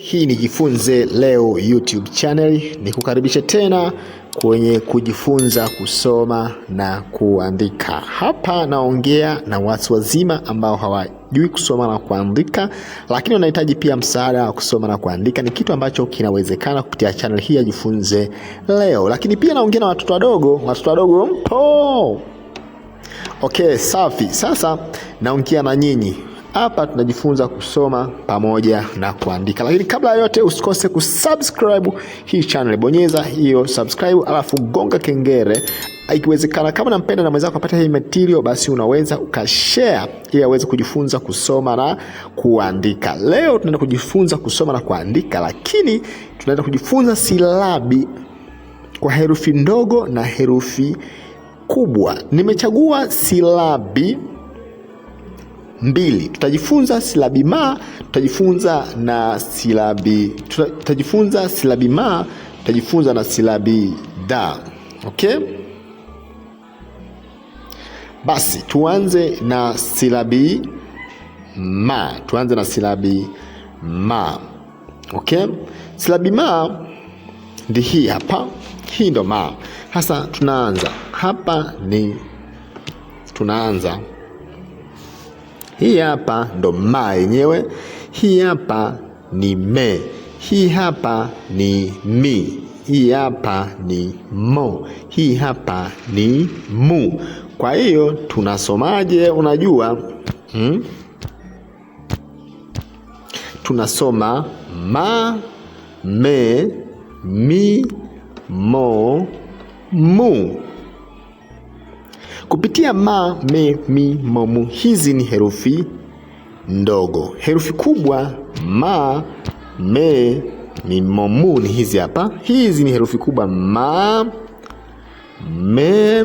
Hii ni Jifunze Leo YouTube channel, ni kukaribisha tena kwenye kujifunza kusoma na kuandika. Hapa naongea na watu wazima ambao hawajui kusoma na kuandika, lakini wanahitaji pia msaada wa kusoma na kuandika. Ni kitu ambacho kinawezekana kupitia channel hii ya Jifunze Leo, lakini pia naongea na watoto wadogo. Watoto wadogo mpo? Okay, safi. Sasa naongea na nyinyi hapa tunajifunza kusoma pamoja na kuandika, lakini kabla ya yote usikose kusubscribe hii channel, bonyeza hiyo subscribe, alafu gonga kengele. Ikiwezekana, kama nampenda na mwenzako apata hii material, basi unaweza ukashare ili aweze kujifunza kusoma na kuandika. Leo tunaenda kujifunza kusoma na kuandika, lakini tunaenda kujifunza silabi kwa herufi ndogo na herufi kubwa. Nimechagua silabi mbili. Tutajifunza silabi ma, tutajifunza na silabi tutajifunza silabi ma, tutajifunza na silabi da. Okay? Basi tuanze na silabi ma, tuanze na silabi ma. Okay? Silabi ma ndi hii hapa, hii ndo ma. Sasa tunaanza hapa, ni tunaanza hii hapa ndo ma yenyewe, hii hapa ni me, hii hapa ni mi, hii hapa ni mo, hii hapa ni mu. Kwa hiyo tunasomaje? Unajua hmm? Tunasoma ma me mi mo mu. Kupitia ma, me, mi, mo, hizi ni herufi ndogo. Herufi kubwa ma, me, mi, mo, ni hizi hapa. Hizi ni herufi kubwa ma, me,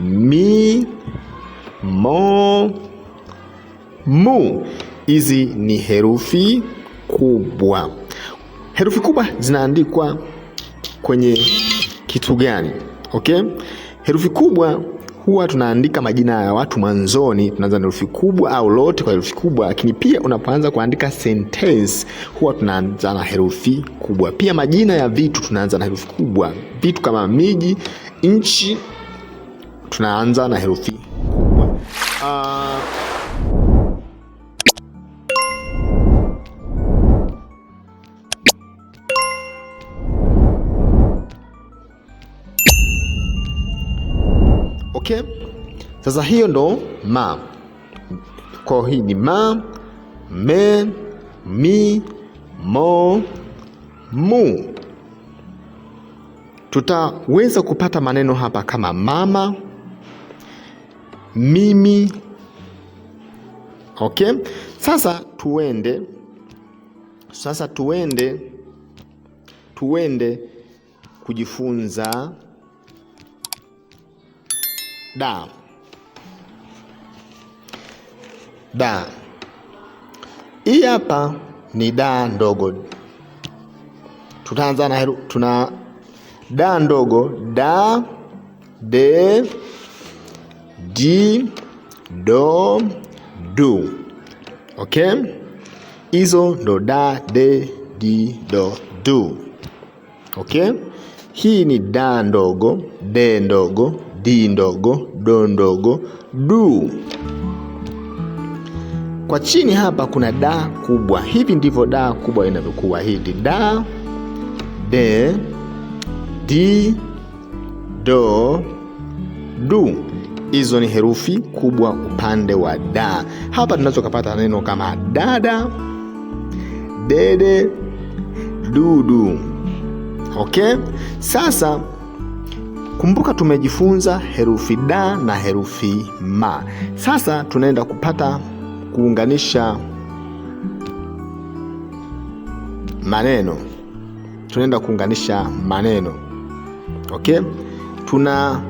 mi, mo, mu. Hizi ni herufi kubwa. Herufi kubwa zinaandikwa kwenye kitu gani? Okay, herufi kubwa huwa tunaandika majina ya watu mwanzoni, tunaanza na herufi kubwa au lote kwa herufi kubwa, lakini pia unapoanza kuandika sentence huwa tunaanza na herufi kubwa. Pia majina ya vitu tunaanza na herufi kubwa, vitu kama miji, nchi tunaanza na herufi kubwa. Uh, Okay, sasa hiyo ndo ma kwa hii ni ma me mi mo mu. Tutaweza kupata maneno hapa kama mama, mimi. Okay, sasa tuende sasa tuende tuende kujifunza da da. Hii hapa ni da ndogo, tutaanza na heru, tuna da ndogo da de di do du. Okay, hizo ndo da de di do du. Okay, hii ni da ndogo de ndogo d ndogo, do ndogo, du. Kwa chini hapa kuna da kubwa. Hivi ndivyo da kubwa inavyokuwa, hivi. da, de, di, do, du. Hizo ni herufi kubwa upande wa da. Hapa tunachokapata neno kama dada, dede, dudu. Okay, sasa Kumbuka tumejifunza herufi da na herufi ma. Sasa tunaenda kupata kuunganisha maneno, tunaenda kuunganisha maneno. Okay, tuna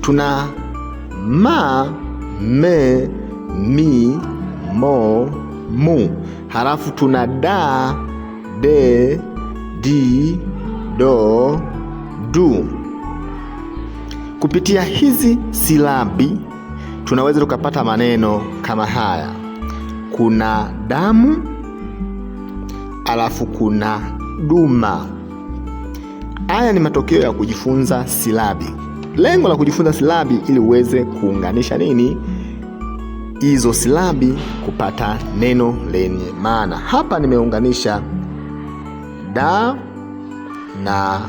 tuna ma me mi mo mu, halafu tuna da de di, do, du. Kupitia hizi silabi tunaweza tukapata maneno kama haya: kuna damu, alafu kuna duma. Haya ni matokeo ya kujifunza silabi. Lengo la kujifunza silabi ili uweze kuunganisha nini hizo silabi kupata neno lenye maana. Hapa nimeunganisha da na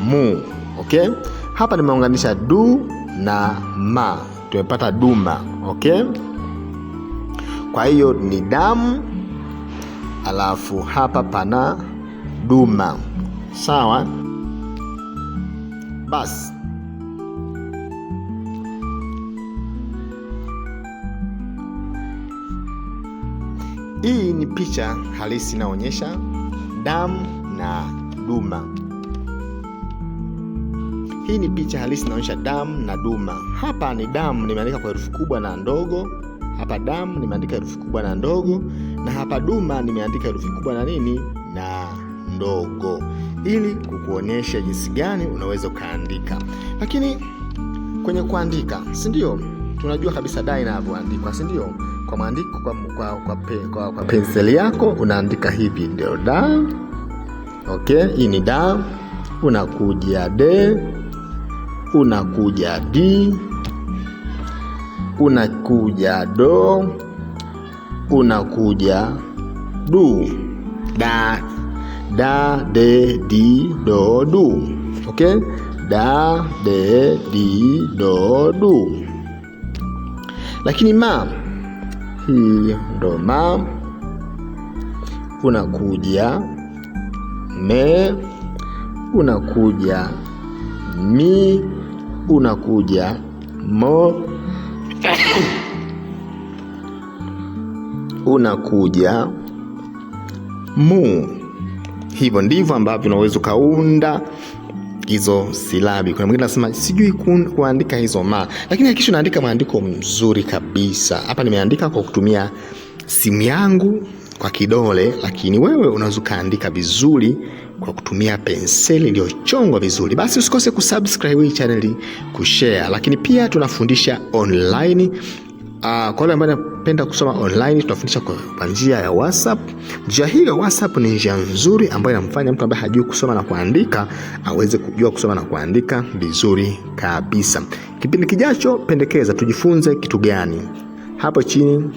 mu. Okay, hapa nimeunganisha du na ma, tumepata duma. Okay, kwa hiyo ni damu, alafu hapa pana duma. Sawa, basi hii ni picha halisi inaonyesha damu na duma. Hii ni picha halisi inaonyesha damu na duma. Hapa ni damu nimeandika kwa herufi kubwa na ndogo, hapa damu nimeandika herufi kubwa na ndogo, na hapa duma nimeandika herufi kubwa na nini na ndogo, ili kukuonyesha jinsi gani unaweza ukaandika. Lakini kwenye kuandika, si ndio? Tunajua kabisa da inavyoandikwa, si ndio? Kwa maandiko kwa, kwa, kwa, kwa, kwa, kwa penseli yako unaandika hivi, ndio da Okay, hii ni da, unakuja de, unakuja di, unakuja do, unakuja du. Da, da, de, di, do, du. Okay, da, de, di, do, du. Lakini ma hii ndo ma, unakuja me unakuja mi unakuja mo unakuja mu. Hivyo ndivyo ambavyo unaweza ukaunda hizo silabi. Kuna mwingine anasema sijui kuandika hizo ma, lakini hakikisha unaandika maandiko mzuri kabisa. Hapa nimeandika kwa kutumia simu yangu kwa kidole, lakini wewe unaweza ukaandika vizuri kwa kutumia penseli iliyochongwa vizuri. Basi usikose kusubscribe hii channel, kushare, lakini pia tunafundisha online Uh, kwa wale ambao wanapenda kusoma online tunafundisha kwa njia ya WhatsApp. Njia hii ya WhatsApp ni njia nzuri ambayo inamfanya mtu ambaye hajui kusoma na kuandika aweze kujua kusoma na kuandika vizuri kabisa. Kipindi kijacho, pendekeza tujifunze kitu gani hapo chini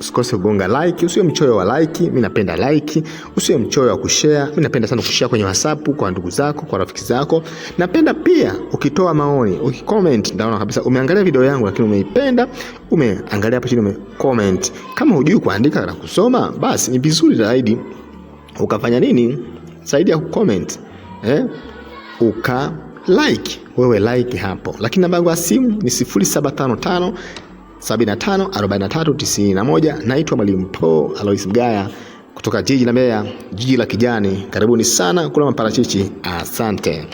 usikose kugonga like, usiwe mchoyo wa like, mi napenda like, usiwe mchoyo wa kushare, mi napenda sana kushare kwenye WhatsApp kwa ndugu zako, kwa rafiki zako. Napenda pia ukitoa maoni, ukicomment, ndaona kabisa umeangalia video yangu lakini umeipenda, umeangalia hapo chini umecomment. Kama hujui kuandika na kusoma, basi ni vizuri zaidi ukafanya nini? Zaidi ya kucomment. Eh? Uka like wewe like hapo, lakini namba yangu ya simu ni 0755 75 Naitwa Mwalimu Paul Alois Mgaya kutoka jiji la Mbeya, jiji la kijani. Karibuni sana kula maparachichi. Asante.